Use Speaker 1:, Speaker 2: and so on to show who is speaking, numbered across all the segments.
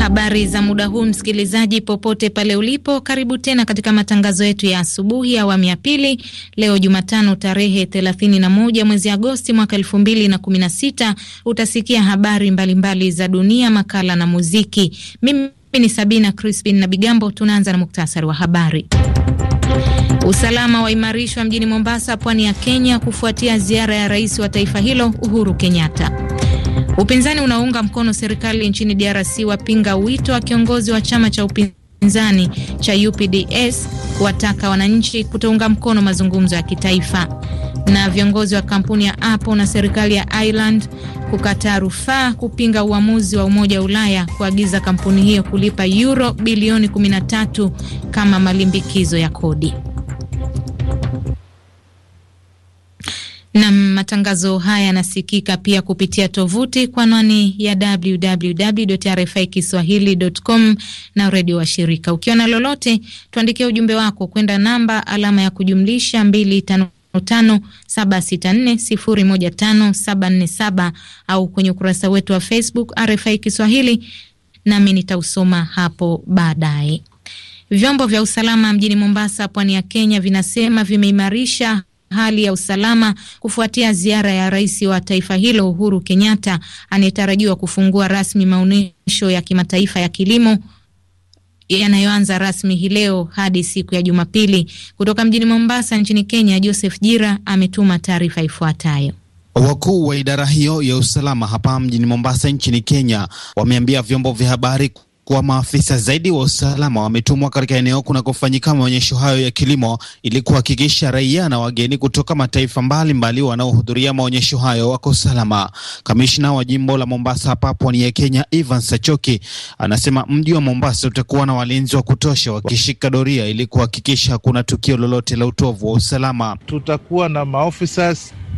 Speaker 1: Habari za muda huu, msikilizaji popote pale ulipo, karibu tena katika matangazo yetu ya asubuhi ya awamu ya pili, leo Jumatano tarehe 31 mwezi Agosti mwaka 2016. Utasikia habari mbalimbali mbali za dunia, makala na muziki. Mimi ni Sabina Crispin na Bigambo. Tunaanza na muktasari wa habari. Usalama waimarishwa mjini Mombasa, pwani ya Kenya, kufuatia ziara ya rais wa taifa hilo Uhuru Kenyatta. Upinzani unaunga mkono serikali nchini DRC wapinga wito wa kiongozi wa chama cha upinzani cha UPDS kuwataka wananchi kutounga mkono mazungumzo ya kitaifa. Na viongozi wa kampuni ya Apple na serikali ya Ireland kukataa rufaa kupinga uamuzi wa Umoja wa Ulaya kuagiza kampuni hiyo kulipa euro bilioni 13 kama malimbikizo ya kodi. matangazo haya yanasikika pia kupitia tovuti kwa anwani ya www RFI kiswahili.com na redio wa shirika. Ukiwa na lolote, tuandikie ujumbe wako kwenda namba alama ya kujumlisha 255764015747 au kwenye ukurasa wetu wa Facebook RFI Kiswahili, nami nitausoma hapo baadaye. Vyombo vya usalama mjini Mombasa, pwani ya Kenya, vinasema vimeimarisha hali ya usalama kufuatia ziara ya rais wa taifa hilo Uhuru Kenyatta anayetarajiwa kufungua rasmi maonyesho ya kimataifa ya kilimo yanayoanza rasmi hii leo hadi siku ya Jumapili. Kutoka mjini Mombasa nchini Kenya, Joseph Jira ametuma taarifa ifuatayo.
Speaker 2: Wakuu wa idara hiyo ya usalama hapa mjini Mombasa nchini Kenya wameambia vyombo vya habari kuwa maafisa zaidi wa usalama wametumwa katika eneo kunakofanyika maonyesho hayo ya kilimo ili kuhakikisha raia na wageni kutoka mataifa mbalimbali wanaohudhuria maonyesho hayo wako salama. Kamishna wa jimbo la Mombasa, Papua ni ya Kenya, evan Sachoki anasema mji wa Mombasa utakuwa na walinzi wa kutosha wakishika doria ili kuhakikisha hakuna tukio lolote la utovu wa usalama. Tutakuwa na maofisa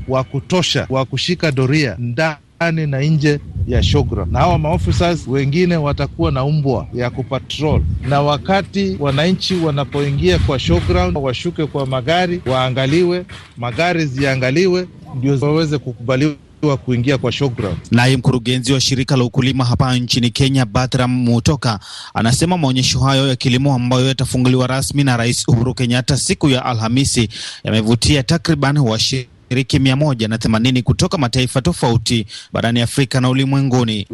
Speaker 2: wa kutosha wa kushika doria ndani ndani na nje ya shogra, na hawa maofficers wengine watakuwa na umbwa ya kupatrol, na wakati wananchi wanapoingia kwa showground, washuke kwa magari, waangaliwe, magari ziangaliwe, ndio waweze kukubaliwa wa kuingia kwa showground. Naye mkurugenzi wa shirika la ukulima hapa nchini Kenya, Batram Mutoka, anasema maonyesho hayo ya kilimo ambayo yatafunguliwa rasmi na Rais Uhuru Kenyatta siku ya Alhamisi yamevutia takriban washi washiriki mia moja na themanini kutoka mataifa tofauti barani Afrika na ulimwenguni.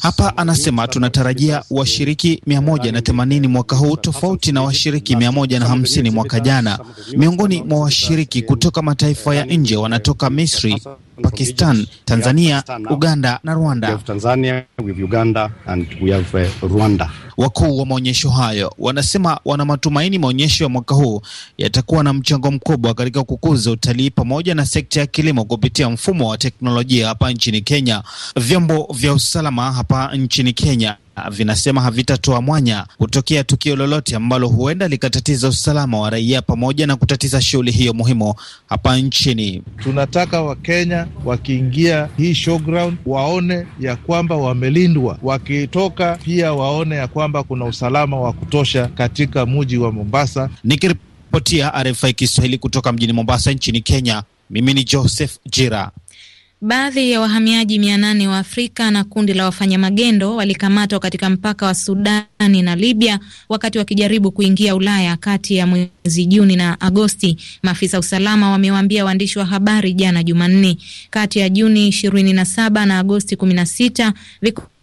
Speaker 2: Hapa anasema tunatarajia washiriki mia moja na themanini mwaka huu tofauti na washiriki mia moja na hamsini mwaka jana. Miongoni mwa washiriki kutoka mataifa ya nje wanatoka Misri, Pakistan, Tanzania, Uganda na Rwanda. Uh, Rwanda. Wakuu wa maonyesho hayo wanasema wana matumaini maonyesho ya mwaka huu yatakuwa na mchango mkubwa katika kukuza utalii pamoja na sekta ya kilimo kupitia mfumo wa teknolojia hapa nchini Kenya. Vyombo vya usalama hapa nchini Kenya Ah, vinasema havitatoa mwanya kutokea tukio lolote ambalo huenda likatatiza usalama wa raia pamoja na kutatiza shughuli hiyo muhimu hapa nchini. Tunataka Wakenya wakiingia hii showground waone ya kwamba wamelindwa, wakitoka pia waone ya kwamba kuna usalama wa kutosha katika muji wa Mombasa. Nikiripotia RFI Kiswahili kutoka mjini Mombasa nchini Kenya, mimi ni Joseph Jira.
Speaker 1: Baadhi ya wahamiaji mia nane wa Afrika na kundi la wafanya magendo walikamatwa katika mpaka wa Sudani na Libya wakati wakijaribu kuingia Ulaya kati ya mwezi Juni na Agosti, maafisa usalama wamewaambia waandishi wa habari jana Jumanne. Kati ya Juni 27 na Agosti 16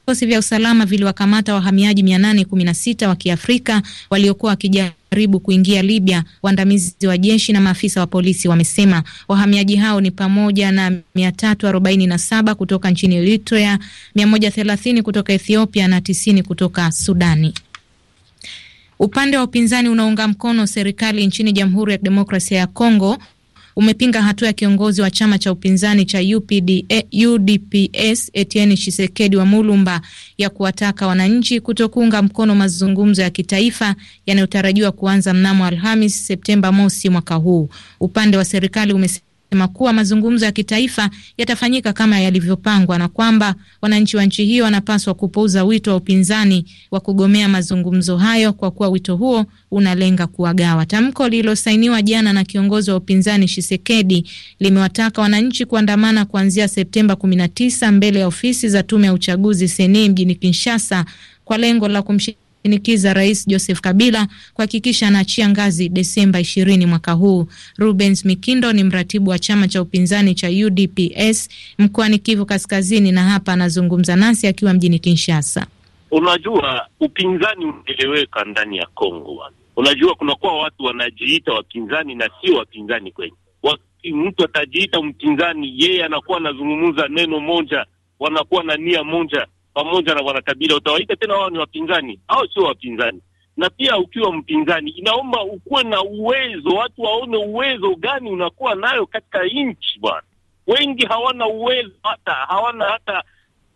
Speaker 1: Vikosi vya usalama viliwakamata wahamiaji 816 wa Kiafrika waliokuwa wakija karibu kuingia Libya, waandamizi wa jeshi na maafisa wa polisi wamesema. Wahamiaji hao ni pamoja na 347 kutoka nchini Eritrea, 130 kutoka Ethiopia na 90 kutoka Sudani. Upande wa upinzani unaunga mkono serikali nchini Jamhuri ya Kidemokrasia ya Kongo umepinga hatua ya kiongozi wa chama cha upinzani cha UPDA, eh, UDPS Etienne Tshisekedi wa Mulumba ya kuwataka wananchi kutokuunga mkono mazungumzo ya kitaifa yanayotarajiwa kuanza mnamo Alhamis Septemba mosi mwaka huu. Upande wa serikali umesema sema kuwa mazungumzo ya kitaifa yatafanyika kama yalivyopangwa na kwamba wananchi wa nchi hiyo wanapaswa kupuuza wito wa upinzani wa kugomea mazungumzo hayo kwa kuwa wito huo unalenga kuwagawa. Tamko lililosainiwa jana na kiongozi wa upinzani Shisekedi limewataka wananchi kuandamana kuanzia Septemba 19 mbele ya ofisi za tume ya uchaguzi Seni mjini Kinshasa kwa lengo la kumshi shinikiza Rais Joseph Kabila kuhakikisha anaachia ngazi Desemba 20 mwaka huu. Rubens Mikindo ni mratibu wa chama cha upinzani cha UDPS mkoani Kivu Kaskazini, na hapa anazungumza nasi akiwa mjini Kinshasa.
Speaker 3: Unajua, upinzani unaeleweka ndani ya Kongo. Unajua, kunakuwa watu wanajiita wapinzani na sio wapinzani kwenye mtu atajiita mpinzani, yeye anakuwa anazungumza neno moja, wanakuwa na nia moja, pamoja na bwana Kabila, utawaita tena wao ni wapinzani? Hao sio wapinzani. Na pia ukiwa mpinzani, inaomba ukuwe na uwezo, watu waone uwezo gani unakuwa nayo katika nchi bwana. Wengi hawana uwezo, hata hawana hata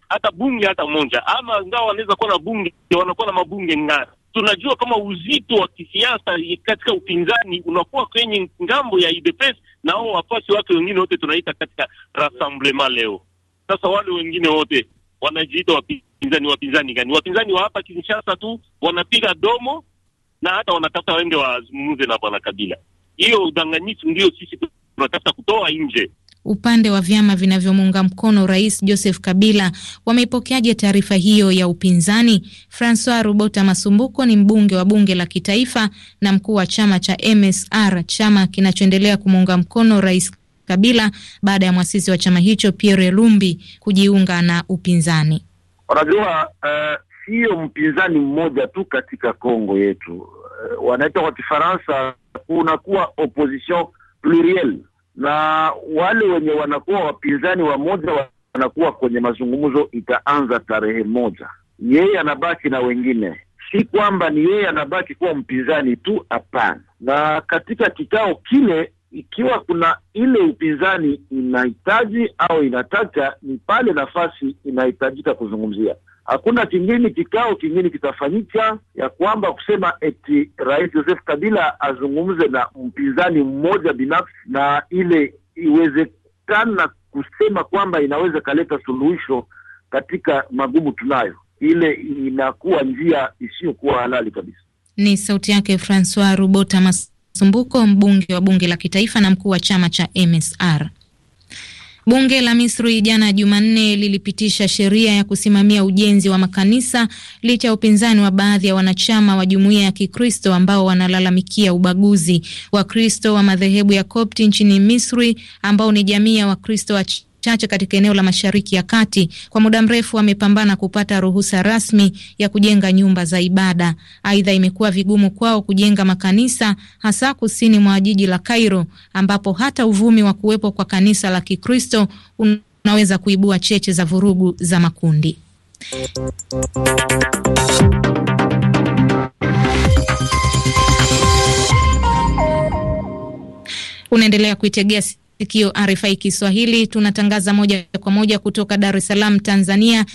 Speaker 3: hata bunge hata moja, ama ngao wanaweza kuwa na bunge, wanakuwa na mabunge ngani. Tunajua kama uzito wa kisiasa katika upinzani unakuwa kwenye ngambo ya UDPS na wao wafuasi wake wengine wote tunaita katika rassemblement leo. Sasa wale wengine wote wanajiita wapinzani. Wapinzani gani? Wapinzani wa hapa Kinshasa tu wanapiga domo na hata wanatafuta waende wazungumze na bwana Kabila. Hiyo udanganyifu ndio sisi tunatafuta
Speaker 1: kutoa nje. Upande wa vyama vinavyomuunga mkono Rais Joseph Kabila wameipokeaje taarifa hiyo ya upinzani? Francois Rubota Masumbuko ni mbunge wa bunge la kitaifa na mkuu wa chama cha MSR, chama kinachoendelea kumuunga mkono Rais Kabila baada ya mwasisi wa chama hicho Pierre Lumbi kujiunga na upinzani.
Speaker 3: Unajua eh, siyo uh, mpinzani mmoja tu katika Kongo yetu uh, wanaita kwa Kifaransa kunakuwa opposition pluriel, na wale wenye wanakuwa wapinzani wamoja wanakuwa kwenye mazungumzo, itaanza tarehe moja. Yeye anabaki na wengine, si kwamba ni yeye anabaki kuwa mpinzani tu, hapana. Na katika kikao kile ikiwa kuna ile upinzani inahitaji au inataka, ni pale nafasi inahitajika kuzungumzia. Hakuna kingine kikao kingine kitafanyika ya kwamba kusema eti Rais Joseph Kabila azungumze na mpinzani mmoja binafsi, na ile iwezekana kusema kwamba inaweza kaleta suluhisho katika magumu tunayo, ile inakuwa njia isiyokuwa halali kabisa.
Speaker 1: Ni sauti yake Francois Rubota Mas Sumbuko, mbunge wa bunge la kitaifa na mkuu wa chama cha MSR. Bunge la Misri jana Jumanne lilipitisha sheria ya kusimamia ujenzi wa makanisa licha ya upinzani wa baadhi ya wanachama wa jumuiya ya Kikristo ambao wanalalamikia ubaguzi. Wakristo wa madhehebu ya Kopti nchini Misri ambao ni jamii ya Wakristo wa chache katika eneo la Mashariki ya Kati kwa muda mrefu wamepambana kupata ruhusa rasmi ya kujenga nyumba za ibada. Aidha, imekuwa vigumu kwao kujenga makanisa hasa kusini mwa jiji la Cairo ambapo hata uvumi wa kuwepo kwa kanisa la Kikristo unaweza kuibua cheche za vurugu za makundi. Unaendelea kuitegea sikio RFI Kiswahili tunatangaza moja kwa moja kutoka Dar es Salaam, Tanzania.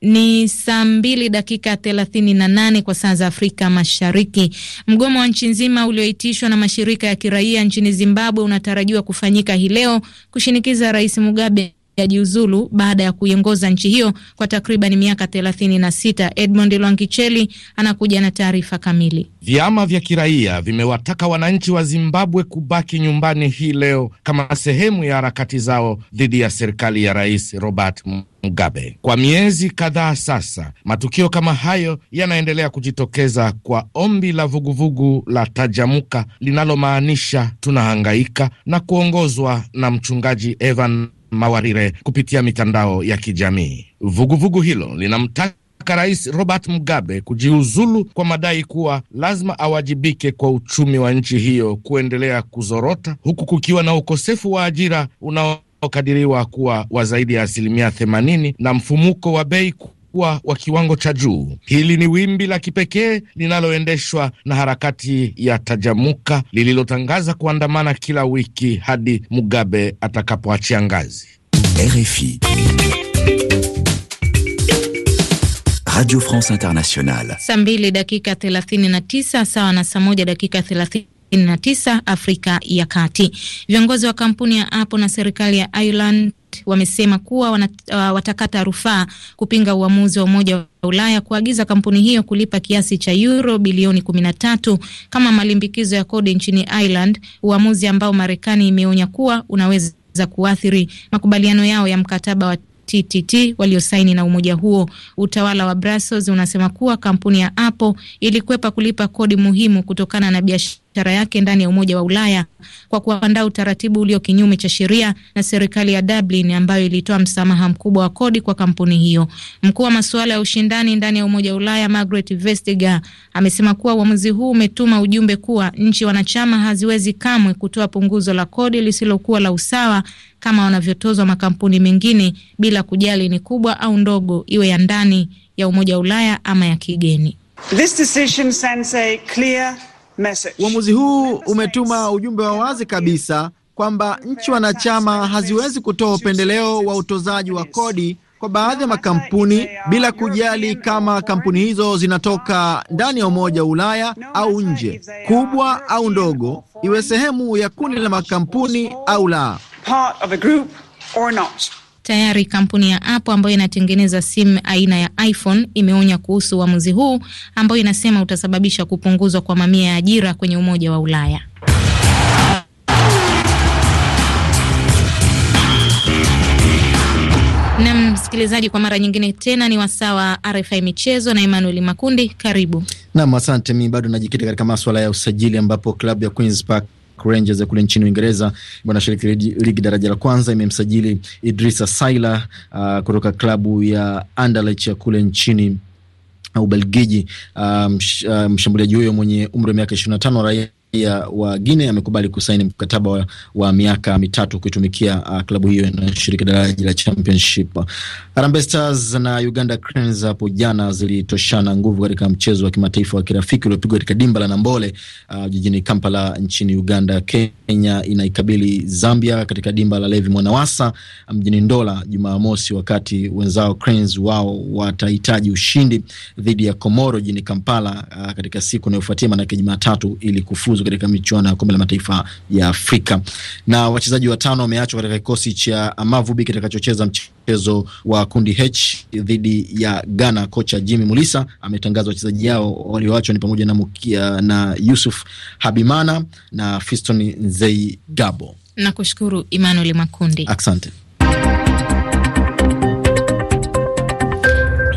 Speaker 1: Ni saa mbili dakika thelathini na nane kwa saa za Afrika Mashariki. Mgomo wa nchi nzima ulioitishwa na mashirika ya kiraia nchini Zimbabwe unatarajiwa kufanyika hii leo kushinikiza Rais Mugabe yajiuzulu baada ya kuiongoza nchi hiyo kwa takriban miaka thelathini na sita Edmond Lwangicheli anakuja na taarifa kamili.
Speaker 4: Vyama vya kiraia vimewataka wananchi wa Zimbabwe kubaki nyumbani hii leo kama sehemu ya harakati zao dhidi ya serikali ya Rais Robert Mugabe. Kwa miezi kadhaa sasa, matukio kama hayo yanaendelea kujitokeza kwa ombi la vuguvugu vugu la Tajamuka linalomaanisha tunahangaika na kuongozwa na mchungaji Evan Mawarire kupitia mitandao ya kijamii. Vuguvugu hilo linamtaka Rais Robert Mugabe kujiuzulu kwa madai kuwa lazima awajibike kwa uchumi wa nchi hiyo kuendelea kuzorota huku kukiwa na ukosefu wa ajira unaokadiriwa kuwa wa zaidi ya asilimia 80 na mfumuko wa bei kuwa wa kiwango cha juu. Hili ni wimbi la kipekee linaloendeshwa na harakati ya Tajamuka lililotangaza kuandamana kila wiki hadi Mugabe atakapoachia ngazi. RFI
Speaker 5: Radio France Internationale.
Speaker 1: Saa mbili dakika sawa na saa moja dakika Afrika ya Kati. Viongozi wa kampuni ya Apple na serikali ya Ireland wamesema kuwa wanat, uh, watakata rufaa kupinga uamuzi wa Umoja wa Ulaya kuagiza kampuni hiyo kulipa kiasi cha euro bilioni 13 kama malimbikizo ya kodi nchini Ireland, uamuzi ambao Marekani imeonya kuwa unaweza kuathiri makubaliano yao ya mkataba wa TTT waliosaini na umoja huo. Utawala wa Brussels unasema kuwa kampuni ya Apple ilikwepa kulipa kodi muhimu kutokana na biashara biashara yake ndani ya Umoja wa Ulaya kwa kuandaa utaratibu ulio kinyume cha sheria na serikali ya Dublin ambayo ilitoa msamaha mkubwa wa kodi kwa kampuni hiyo. Mkuu wa masuala ya ushindani ndani ya Umoja wa Ulaya Margaret Vestager amesema kuwa uamuzi huu umetuma ujumbe kuwa nchi wanachama haziwezi kamwe kutoa punguzo la kodi lisilokuwa la usawa kama wanavyotozwa makampuni mengine bila kujali ni kubwa au ndogo, iwe ya ndani ya Umoja wa Ulaya ama ya kigeni.
Speaker 5: This decision sends a
Speaker 6: clear Uamuzi huu umetuma ujumbe wa wazi kabisa kwamba nchi wanachama haziwezi kutoa upendeleo wa utozaji wa kodi kwa baadhi ya makampuni bila kujali kama kampuni hizo zinatoka ndani ya Umoja wa Ulaya au nje, kubwa au ndogo, iwe sehemu ya kundi la makampuni au la.
Speaker 1: Tayari kampuni ya Apple ambayo inatengeneza simu aina ya iPhone imeonya kuhusu uamuzi huu ambayo inasema utasababisha kupunguzwa kwa mamia ya ajira kwenye Umoja wa Ulaya. nam msikilizaji, kwa mara nyingine tena ni wasaa wa RFI michezo na Emmanuel Makundi, karibu.
Speaker 6: Nam, asante. Mi bado najikita katika maswala ya usajili ambapo klabu ya Queens Park Rangers ya kule nchini Uingereza shiriki ligi daraja la kwanza, imemsajili Idrissa Saila uh, kutoka klabu ya Anderlecht ya kule nchini Ubelgiji. Uh, uh, mshambuliaji huyo mwenye umri wa miaka ishirini na tano raia wa Guinea amekubali kusaini mkataba wa, wa miaka mitatu kuitumikia uh, klabu hiyo na inayoshiriki daraja la Championship. Harambee Stars na Uganda Cranes hapo jana zilitoshana nguvu katika mchezo wa kimataifa wa kirafiki uliopigwa katika dimba la Nambole uh, jijini Kampala nchini Uganda. Kenya inaikabili Zambia katika dimba la Levi Mwanawasa mjini um, Ndola Jumamosi, wakati wenzao Cranes wao watahitaji ushindi dhidi ya Komoro jijini Kampala uh, katika siku inayofuatia manake Jumatatu ili kufuzu katika michuano ya kombe la mataifa ya Afrika. Na wachezaji watano wameachwa katika kikosi cha Amavubi kitakachocheza mchezo wa kundi H dhidi ya Ghana. Kocha Jimmy Mulisa ametangaza wachezaji yao walioachwa ni pamoja na Mukia, na Yusuf Habimana na Fiston Nzei Gabo.
Speaker 1: Nakushukuru Emmanuel Makundi, asante.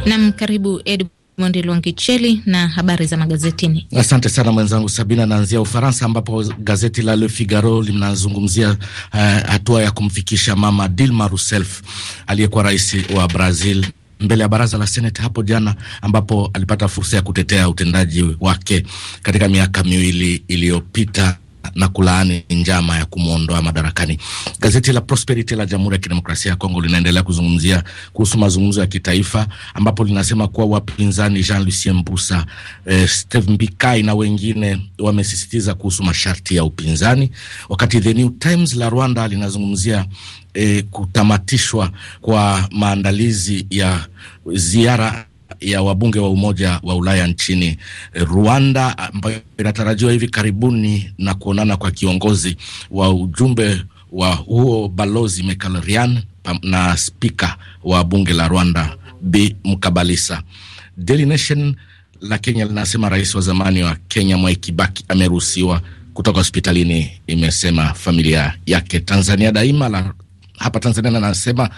Speaker 1: Nam, karibu Edu. Monde Lwangicheli na habari za magazetini.
Speaker 4: Asante sana mwenzangu Sabina. Naanzia Ufaransa ambapo gazeti la Le Figaro linazungumzia eh, hatua uh, ya kumfikisha mama Dilma Rousseff aliyekuwa rais wa Brazil mbele ya baraza la seneti hapo jana ambapo alipata fursa ya kutetea utendaji wake katika miaka miwili iliyopita na kulaani njama ya kumwondoa madarakani. Gazeti la Prosperity la Jamhuri ya Kidemokrasia ya Kongo linaendelea kuzungumzia kuhusu mazungumzo ya kitaifa, ambapo linasema kuwa wapinzani Jean Lucien Mbusa, eh, Steve Mbikai na wengine wamesisitiza kuhusu masharti ya upinzani, wakati The New Times la Rwanda linazungumzia E, kutamatishwa kwa maandalizi ya ziara ya wabunge wa Umoja wa Ulaya nchini eh, Rwanda, ambayo inatarajiwa hivi karibuni na kuonana kwa kiongozi wa ujumbe wa huo balozi Mekalerian na spika wa bunge la Rwanda B Mkabalisa. Daily Nation la Kenya linasema rais wa zamani wa Kenya Mwai Kibaki ameruhusiwa kutoka hospitalini, imesema familia yake. Tanzania Daima la hapa Tanzania linasema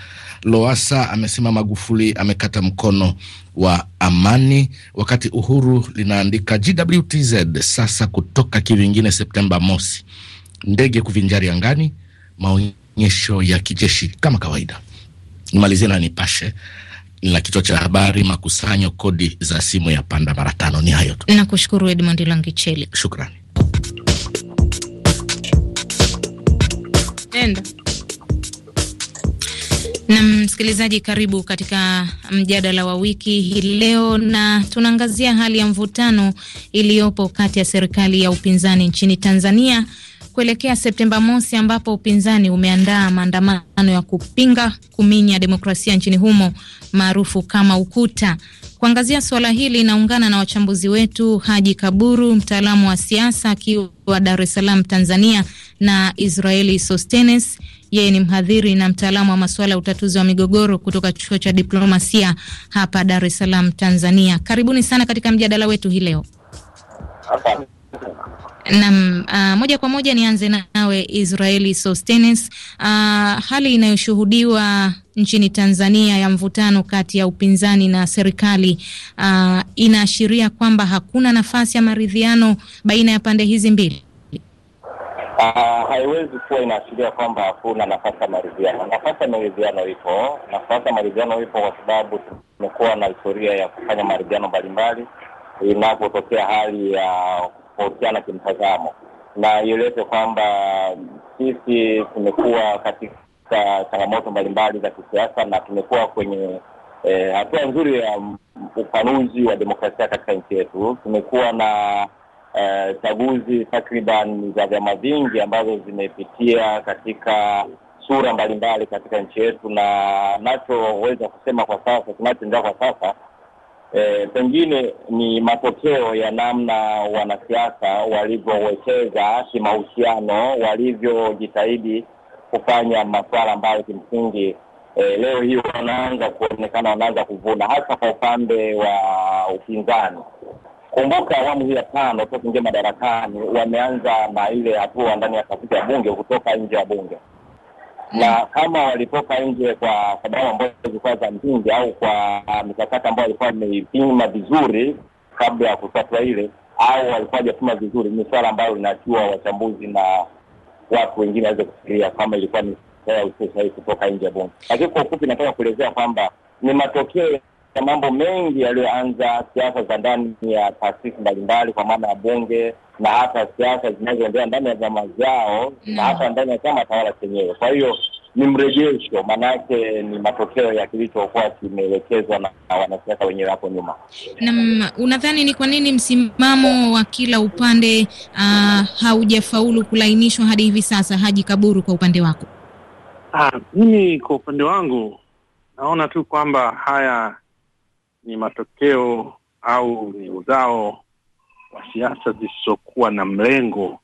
Speaker 4: loasa amesema Magufuli amekata mkono wa amani, wakati Uhuru linaandika GWTZ sasa kutoka kivingine Septemba mosi, ndege kuvinjari angani, maonyesho ya kijeshi kama kawaida. Nimalizie na Nipashe na kichwa cha habari makusanyo kodi za simu ya panda mara tano. Ni hayo
Speaker 1: tu, nakushukuru Edmond Langicheli, shukrani. Enda. Na msikilizaji, karibu katika mjadala wa wiki hii leo, na tunaangazia hali ya mvutano iliyopo kati ya serikali ya upinzani nchini Tanzania kuelekea Septemba mosi, ambapo upinzani umeandaa maandamano ya kupinga kuminya demokrasia nchini humo maarufu kama UKUTA. Kuangazia suala hili, naungana na wachambuzi wetu Haji Kaburu, mtaalamu wa siasa akiwa Dar es Salaam, Tanzania, na Israeli Sostenes yeye ni mhadhiri na mtaalamu wa masuala ya utatuzi wa migogoro kutoka chuo cha diplomasia hapa Dar es Salaam, Tanzania. Karibuni sana katika mjadala wetu hii leo. Naam, uh, moja kwa moja nianze nawe Israeli Sostenes. Uh, hali inayoshuhudiwa nchini Tanzania ya mvutano kati ya upinzani na serikali uh, inaashiria kwamba hakuna nafasi ya maridhiano baina ya pande hizi mbili.
Speaker 5: Uh, haiwezi kuwa inaashiria kwamba hakuna nafasi ya maridhiano. Nafasi ya maridhiano ipo, nafasi ya maridhiano ipo kwa sababu tumekuwa na historia ya kufanya maridhiano mbalimbali inapotokea hali ya kutofautiana kimtazamo, na ieleze kwamba sisi tumekuwa katika changamoto mbalimbali za kisiasa na tumekuwa kwenye eh, hatua nzuri ya upanuzi wa demokrasia katika nchi yetu. Tumekuwa na Eh, chaguzi uh, takriban za vyama vingi ambazo zimepitia katika sura mbalimbali katika nchi yetu, na nachoweza kusema kwa sasa, tunachoendelea kwa sasa e, pengine ni matokeo ya namna wanasiasa walivyowekeza kimahusiano, walivyojitahidi kufanya masuala ambayo kimsingi e, leo hii wanaanza kuonekana, wanaanza kuvuna hasa kwa upande wa upinzani. Kumbuka awamu hii ya tano toka ingia madarakani, wameanza na ile hatua ndani ya katiba ya bunge kutoka nje ya bunge na kama walitoka nje kwa sababu ambazo zilikuwa za msingi au kwa mikakati ambayo walikuwa wameipima vizuri kabla ya kufatwa ile, au walikuwa hajapima vizuri, ni swala ambalo linakiwa wachambuzi na watu wengine waweze kufikiria kama ilikuwa ni sahihi kutoka nje ya bunge. Lakini kwa ufupi, nataka kuelezea kwamba ni matokeo ya mambo mengi yaliyoanza siasa za ndani ya taasisi mbalimbali, kwa maana ya bunge na hata siasa zinazoendelea ndani ya vyama vyao no. na hata ndani ya chama tawala chenyewe. Kwa hiyo ni mrejesho, maanayake ni matokeo ya kilichokuwa kimeelekezwa na wanasiasa wenyewe hapo nyuma.
Speaker 1: nam unadhani ni kwa nini msimamo wa kila upande uh, haujafaulu kulainishwa hadi hivi sasa? Haji Kaburu, kwa upande wako?
Speaker 3: Ah, mimi kwa upande wangu naona tu kwamba haya ni matokeo au ni uzao wa siasa zisizokuwa na mlengo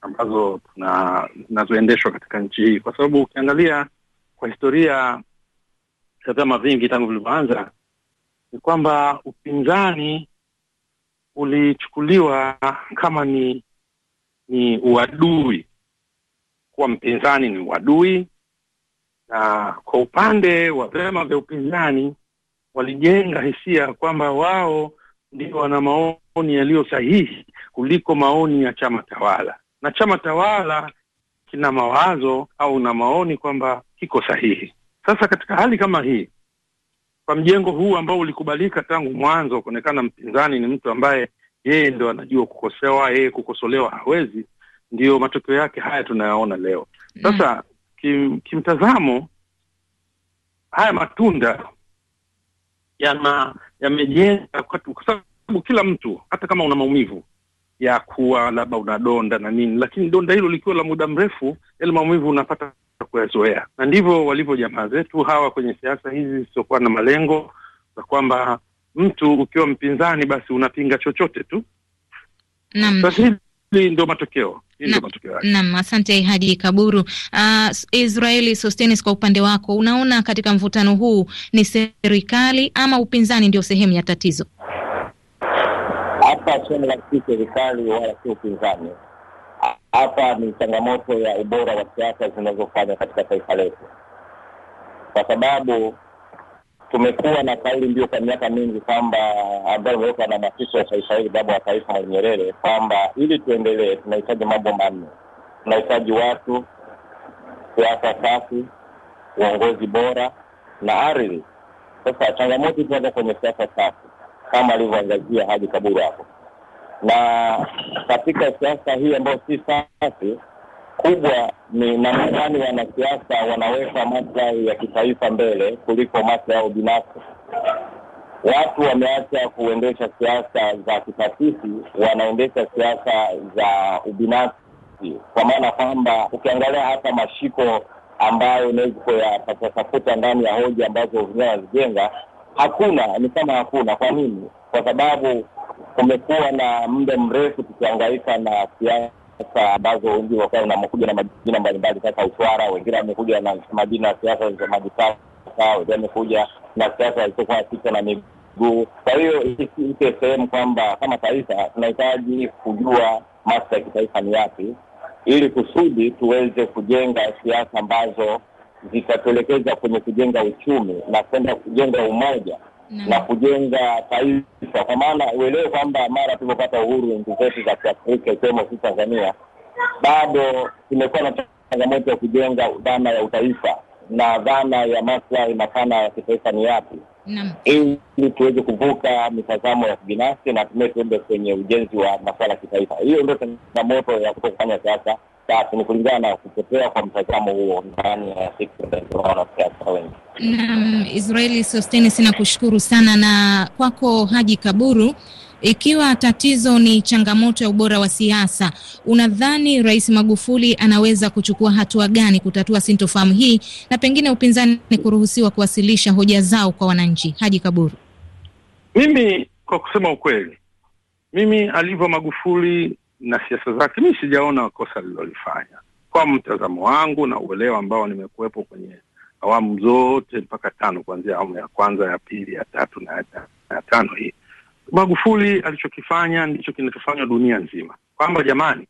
Speaker 3: ambazo zinazoendeshwa katika nchi hii, kwa sababu ukiangalia kwa historia ya vyama vingi tangu vilivyoanza ni kwamba upinzani ulichukuliwa kama ni ni uadui. Kuwa mpinzani ni uadui, na kwa upande wa vyama vya upinzani walijenga hisia ya kwamba wao ndio wana maoni yaliyo sahihi kuliko maoni ya chama tawala, na chama tawala kina mawazo au na maoni kwamba kiko sahihi. Sasa katika hali kama hii, kwa mjengo huu ambao ulikubalika tangu mwanzo, kuonekana mpinzani ni mtu ambaye yeye ndo anajua kukosewa, yeye kukosolewa hawezi, ndiyo matokeo yake haya tunayaona leo. Sasa mm. kim, kimtazamo haya matunda yana yamejenga kwa sababu kila mtu, hata kama una maumivu ya kuwa labda una donda na nini, lakini donda hilo likiwa la muda mrefu, yale maumivu unapata kuyazoea, na ndivyo walivyo jamaa zetu hawa kwenye siasa hizi zisizokuwa na malengo, za kwamba mtu ukiwa mpinzani, basi unapinga chochote tu. Naam hili ndio matokeo
Speaker 1: Naam, asante Haji Kaburu. Uh, Israeli Sostenis, kwa upande wako unaona katika mvutano huu ni serikali ama upinzani ndio sehemu ya tatizo?
Speaker 5: Hapa sio si serikali wala si upinzani, hapa ni changamoto ya ubora wa siasa zinazofanya katika taifa letu, kwa sababu tumekuwa na kauli mbiu kwa miaka mingi kwamba ambayo imewekwa na mwasisi wa taifa baba wa taifa Mwalimu Nyerere kwamba ili tuendelee tunahitaji mambo manne. Tunahitaji watu, siasa safi, uongozi bora na ardhi. Sasa changamoto tunaenda kwenye siasa safi kama alivyoangazia Haji Kaburu hapo, na katika siasa hii ambayo si safi kubwa ni namna gani wanasiasa wanaweka maslahi ya kitaifa mbele kuliko maslahi yao binafsi. Watu wameacha kuendesha siasa za kitaasisi, wanaendesha siasa za ubinafsi, kwa maana kwamba ukiangalia hata mashiko ambayo unaweza kuyatafuta ndani ya hoja ambazo wenyewe wanazijenga, hakuna, ni kama hakuna. Kwa nini? Kwa sababu kumekuwa na muda mrefu tukiangaika na siasa sasa ambazo wengi wakuwa wanakuja na majina mbalimbali, sasa utwara, wengine wamekuja na majina ya siasa za maji taka, wengine wamekuja na siasa zilizokuwa sita na miguu. Kwa hiyo ike sehemu kwamba kama taifa tunahitaji kujua maslahi ya kitaifa ni yapi, ili kusudi tuweze kujenga siasa ambazo zitatuelekeza kwenye kujenga uchumi na kwenda kujenga umoja na, kujenga taifa, kwa maana uelewe kwamba mara tulipopata uhuru nchi zetu za Kiafrika ikiwemo si Tanzania, bado tumekuwa na changamoto ya kujenga dhana ya utaifa na dhana ya maslahi mapana ya kitaifa ni yapi, ili tuweze kuvuka mitazamo ya kibinafsi na tumie tuende kwenye ujenzi wa masuala ya kitaifa. Hiyo ndio changamoto ya kuto kufanya siasa sasa, ni kulingana na kupotea kwa mtazamo huo ndani ya sekta za
Speaker 1: siasa wengi. Naam, Israeli Sosteni, sina kushukuru sana na kwako Haji Kaburu. Ikiwa tatizo ni changamoto ya ubora wa siasa, unadhani Rais Magufuli anaweza kuchukua hatua gani kutatua sintofahamu hii na pengine upinzani kuruhusiwa kuwasilisha hoja zao kwa wananchi? Haji Kaburu.
Speaker 3: Mimi kwa kusema ukweli, mimi alivyo Magufuli na siasa zake, mimi sijaona kosa alilolifanya, kwa mtazamo wangu na uelewa ambao nimekuwepo kwenye awamu zote mpaka tano, kuanzia awamu ya kwanza, ya pili, ya tatu na ya tano. Hii Magufuli alichokifanya ndicho kinachofanywa dunia nzima, kwamba jamani,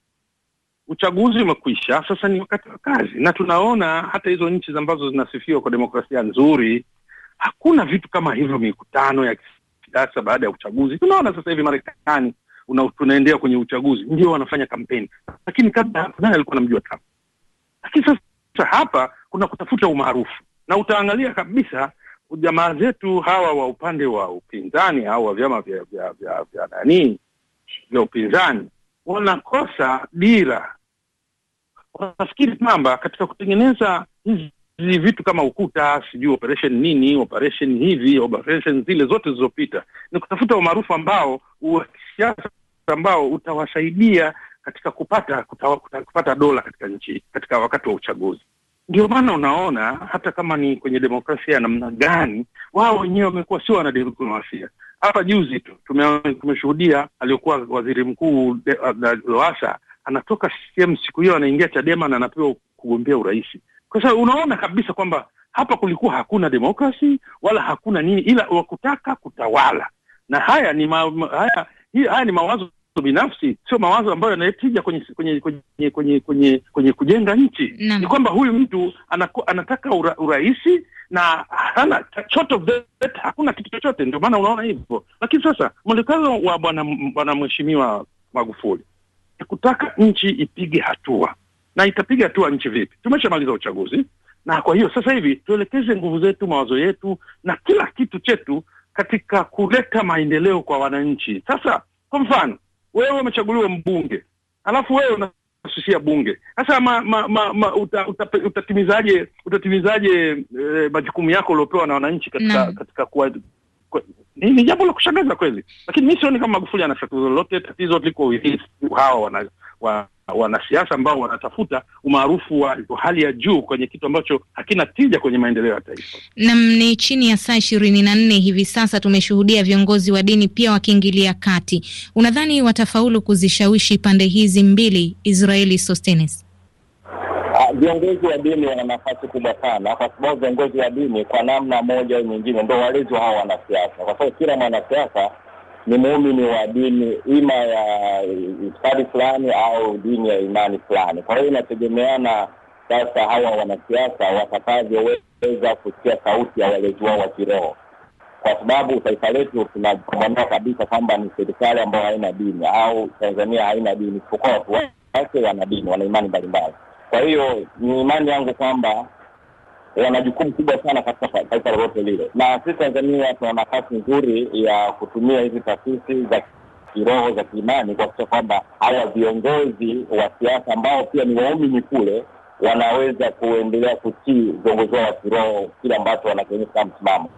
Speaker 3: uchaguzi umekwisha, sasa ni wakati wa kazi. Na tunaona hata hizo nchi ambazo zinasifiwa kwa demokrasia nzuri, hakuna vitu kama hivyo, mikutano ya kisiasa baada ya uchaguzi. Tunaona sasa hivi Marekani una, tunaendea kwenye uchaguzi, ndio wanafanya kampeni, lakini kabla hapo nani alikuwa anamjua Trump? Lakini sasa hapa kuna kutafuta umaarufu, na utaangalia kabisa jamaa zetu hawa wa upande wa upinzani au wa vyama vya vya vya vya nani vya upinzani wanakosa dira. Wanafikiri kwamba katika kutengeneza hizi vitu kama ukuta, sijui operation nini, operation hivi, operation zile zote zilizopita, ni kutafuta umaarufu ambao wa kisiasa ambao utawasaidia katika kupata kutawa, kupata dola katika nchi katika wakati wa uchaguzi. Ndio maana unaona hata kama ni kwenye demokrasia ya namna gani, wao wenyewe wamekuwa sio wanadiplomasia. Hapa juzi tu tumeshuhudia aliyokuwa waziri mkuu uh, loasa anatoka CCM siku hiyo anaingia Chadema na anapewa kugombea urais. Kwa sababu unaona kabisa kwamba hapa kulikuwa hakuna demokrasi wala hakuna nini, ila wakutaka kutawala. Na haya ni ma, haya, haya ni mawazo binafsi sio mawazo ambayo yanayetija kwenye kwenye kwenye kwenye kwenye kwenye kujenga nchi. Ni kwamba huyu mtu anaku, anataka ura, urahisi na hana short of that, hakuna kitu chochote, ndio maana unaona hivyo. Lakini sasa mwelekezo wa bwana bwana mheshimiwa Magufuli kutaka nchi ipige hatua, na itapiga hatua nchi vipi? Tumeshamaliza uchaguzi, na kwa hiyo sasa hivi tuelekeze nguvu zetu, mawazo yetu na kila kitu chetu katika kuleta maendeleo kwa wananchi. Sasa kwa mfano wewe umechaguliwa mbunge, alafu wewe unasusia bunge. Sasa ma, ma, ma, ma, uta, uta, utatimizaje utatimizaje eh, majukumu yako uliopewa na wananchi katika, katika kuwa ni, ni jambo la kushangaza kweli, lakini mi sioni kama Magufuli ana tatizo lolote. Tatizo liko hawa wana, wa, wanasiasa ambao wanatafuta umaarufu wa hali ya juu kwenye kitu ambacho hakina tija kwenye maendeleo ya taifa.
Speaker 1: Nam, ni chini ya saa ishirini na nne hivi sasa tumeshuhudia viongozi wa dini pia wakiingilia kati. Unadhani watafaulu kuzishawishi pande hizi mbili, Israeli Sostenes?
Speaker 5: Viongozi wa dini wana nafasi kubwa sana, kwa sababu viongozi wa dini kwa namna moja au nyingine ndo walezi wa hawa wanasiasa, kwa sababu kila mwanasiasa ni muumini wa dini ima ya itikadi fulani au dini ya imani fulani. Kwa hiyo inategemeana sasa hawa wanasiasa watakavyoweza kusikia sauti ya walezi wao wa kiroho, kwa sababu taifa letu tunapambania kabisa kwamba ni serikali ambayo haina dini au Tanzania haina dini, isipokuwa watu wake wana dini, wana imani mbalimbali. Kwa hiyo ni imani yangu kwamba eh, wana jukumu kubwa sana katika taifa lolote lile, na sisi Tanzania tuna nafasi nzuri ya kutumia hizi taasisi za kiroho za kiimani kuakisha kwamba hawa viongozi wa siasa ambao pia ni waumini kule wanaweza kuendelea kutii viongozi wao wa kiroho kile ambacho wanakionyesha msimamo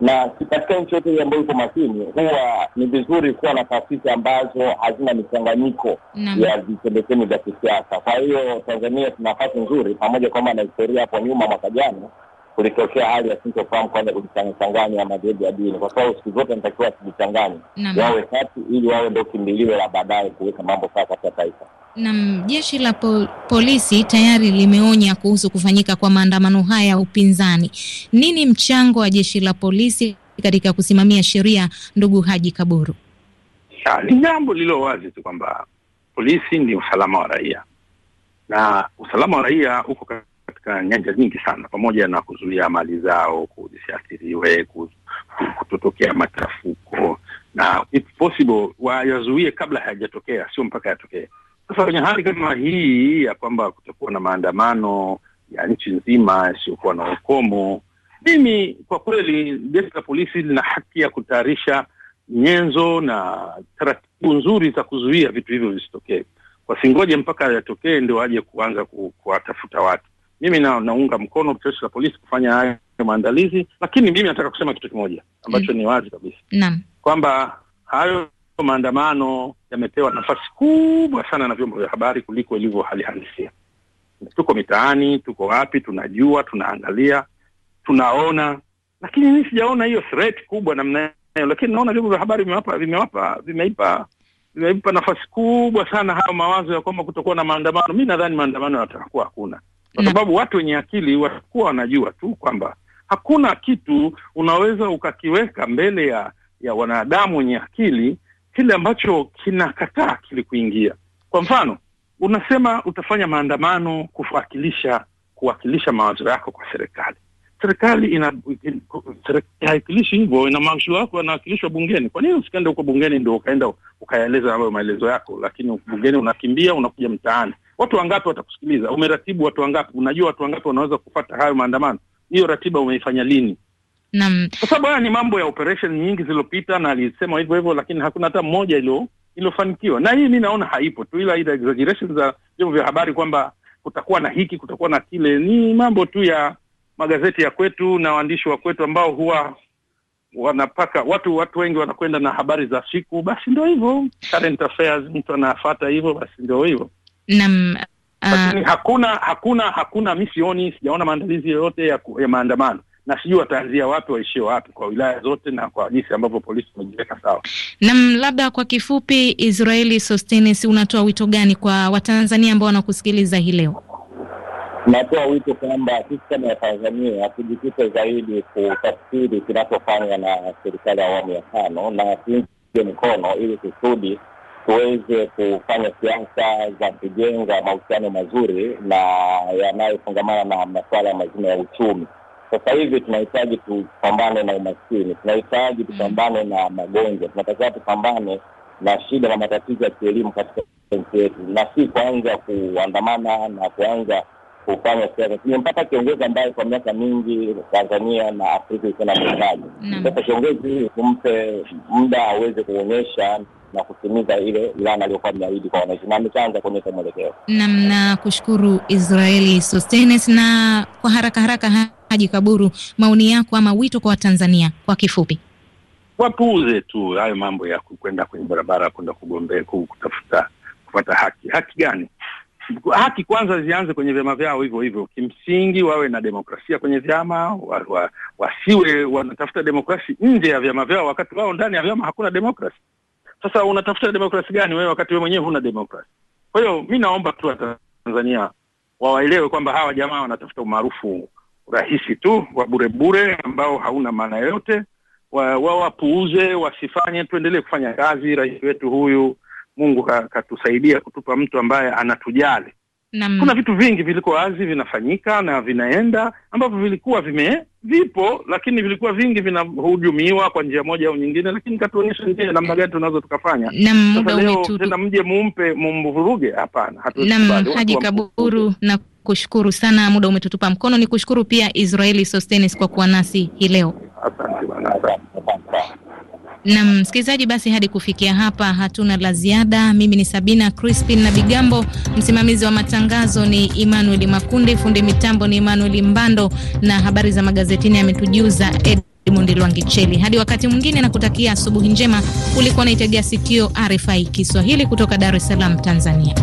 Speaker 5: na katika nchi yote hii ambayo iko makini, huwa ni vizuri kuwa na taasisi ambazo hazina michanganyiko ya vitendekeni vya kisiasa. Kwa hiyo Tanzania tuna nafasi nzuri, pamoja kwamba na historia hapo nyuma, mwaka jana kulitokea hali ya sintofahamu kwanza ya madhehebu ya dini, kwa sababu siku zote anatakiwa sijichanganye, wawe kati ili wawe ndo kimbilio la baadaye kuweka mambo sawa katika taifa.
Speaker 1: Nam, jeshi la pol polisi tayari limeonya kuhusu kufanyika kwa maandamano haya ya upinzani. Nini mchango wa jeshi la polisi katika kusimamia sheria, ndugu Haji Kaburu?
Speaker 3: Ni jambo lililo wazi tu kwamba polisi ni usalama wa raia, na usalama wa raia uko katika nyanja nyingi sana, pamoja na kuzuia mali zao kuzisiathiriwe, kutotokea machafuko na if possible wayazuie kabla hayajatokea, sio mpaka yatokee. Sasa kwenye hali kama hii ya kwamba kutakuwa na maandamano ya nchi nzima isiyokuwa na ukomo, mimi kwa kweli, jeshi la polisi lina haki ya kutayarisha nyenzo na taratibu nzuri za kuzuia vitu hivyo visitokee. Wasingoje mpaka yatokee ndio waje kuanza kuwatafuta watu. Mimi na, naunga mkono jeshi la polisi kufanya hayo maandalizi, lakini mimi nataka kusema kitu kimoja ambacho mm, ni wazi kabisa kwamba hayo maandamano yamepewa nafasi kubwa sana na vyombo vya habari kuliko ilivyo hali halisia. Tuko mitaani, tuko wapi, tunajua, tunaangalia, tunaona, lakini mimi sijaona hiyo threat kubwa namna hiyo, lakini naona vyombo vya habari vimewapa vimewapa vimeipa vimeipa nafasi kubwa sana hayo mawazo ya kwamba kutokuwa na maandamano. Mi nadhani maandamano yatakuwa hakuna, kwa mm-hmm. sababu watu wenye akili watakuwa wanajua tu kwamba hakuna kitu unaweza ukakiweka mbele ya ya wanadamu wenye akili kile ambacho kinakataa kilikuingia. Kwa mfano, unasema utafanya maandamano kuwakilisha kuwakilisha mawazo yako kwa serikali. Serikali ina hivo hivyo, ina mawazo yako yanawakilishwa bungeni. Kwa nini usikaenda huko bungeni ndio ukaenda ukayaeleza hayo maelezo yako? Lakini bungeni unakimbia, unakuja mtaani. Watu wangapi watakusikiliza? Umeratibu watu wangapi? Unajua watu wangapi wanaweza kupata hayo maandamano? Hiyo ratiba umeifanya lini? Naam, kwa sababu haya ni mambo ya operation nyingi zilizopita, na alisema hivyo hivyo, lakini hakuna hata mmoja ilo iliyofanikiwa, na hii mi naona haipo tu, ila ile exaggeration za vyombo vya habari kwamba kutakuwa na hiki kutakuwa na kile, ni mambo tu ya magazeti ya kwetu na waandishi wa kwetu ambao huwa wanapaka watu watu wengi wanakwenda na habari za siku, basi ndio hivyo, current affairs mtu anafuata hivyo, basi ndio hivyo. Naam, lakini ah, hakuna hakuna hakuna, mi sioni, sijaona maandalizi yoyote ya, ya maandamano na sijui wataanzia wapi waishie wapi kwa wilaya zote na kwa jinsi ambavyo polisi wamejiweka sawa.
Speaker 1: Nam, labda kwa kifupi, Israeli Sostenes, unatoa wito gani kwa Watanzania ambao wanakusikiliza hii leo?
Speaker 3: Natoa wito kwamba
Speaker 5: sisi kama Watanzania tujikite zaidi kutafsiri kinachofanywa na serikali ya awamu ya tano na tuunge mkono ili kusudi tuweze kufanya siasa za kujenga mahusiano mazuri na yanayofungamana na masuala mazima ya uchumi. Sasa hivi tunahitaji tupambane na umaskini, tunahitaji mm. tupambane na magonjwa, tunatakiwa tupambane na shida na matatizo ya kielimu katika nchi yetu, na si kuanza kuandamana na kuanza kufanya siasa. mpaka kiongozi ambaye kwa miaka mingi Tanzania na Afrika ilikuwa na mtaji. Sasa kiongozi huyu tumpe muda aweze kuonyesha na kutimiza ile ilani aliyokuwa ameahidi kwa wananchi, na ameshaanza kuonyesha mwelekeo.
Speaker 1: nam na kushukuru Israeli Sostenes. Na kwa haraka haraka ha Haji Kaburu, maoni yako ama wito kwa Watanzania kwa kifupi?
Speaker 3: Wapuuze tu hayo mambo ya kwenda kwenye barabara kwenda kugombea kutafuta kupata haki. Haki gani? Haki kwanza zianze kwenye vyama vyao hivyo hivyo. Kimsingi wawe na demokrasia kwenye vyama, wa, wa, wasiwe wanatafuta demokrasi nje ya vyama vyao, wakati wao ndani ya vyama hakuna demokrasi. Sasa unatafuta demokrasi gani wewe wakati wewe mwenyewe huna demokrasi? Kwa hiyo mi naomba tu Watanzania wawaelewe kwamba hawa jamaa wanatafuta umaarufu urahisi tu wa burebure ambao hauna maana yoyote. Wao wapuuze, wasifanye, tuendelee kufanya kazi. Rais wetu huyu, Mungu katusaidia kutupa mtu ambaye anatujali. Nam. Kuna vitu vingi viliko wazi vinafanyika na vinaenda ambavyo vilikuwa vime vipo, lakini vilikuwa vingi vinahujumiwa kwa njia moja au nyingine, lakini katuonyesha njia namna gani tunaweza tukafanya. muda Tena mje mumpe mumvuruge? Hapana, hatuwezi. Haji Kaburu
Speaker 1: na kushukuru sana, muda umetutupa mkono. Ni kushukuru pia Israeli Sostenes kwa kuwa nasi hii leo. Na msikilizaji, basi hadi kufikia hapa hatuna la ziada. Mimi ni Sabina Crispin na Bigambo, msimamizi wa matangazo ni Emmanuel Makundi, fundi mitambo ni Emmanuel Mbando, na habari za magazetini ametujuza Edmund Lwangicheli. Hadi wakati mwingine, na kutakia asubuhi njema. Ulikuwa naitegea sikio RFI Kiswahili kutoka Dar es Salaam, Tanzania.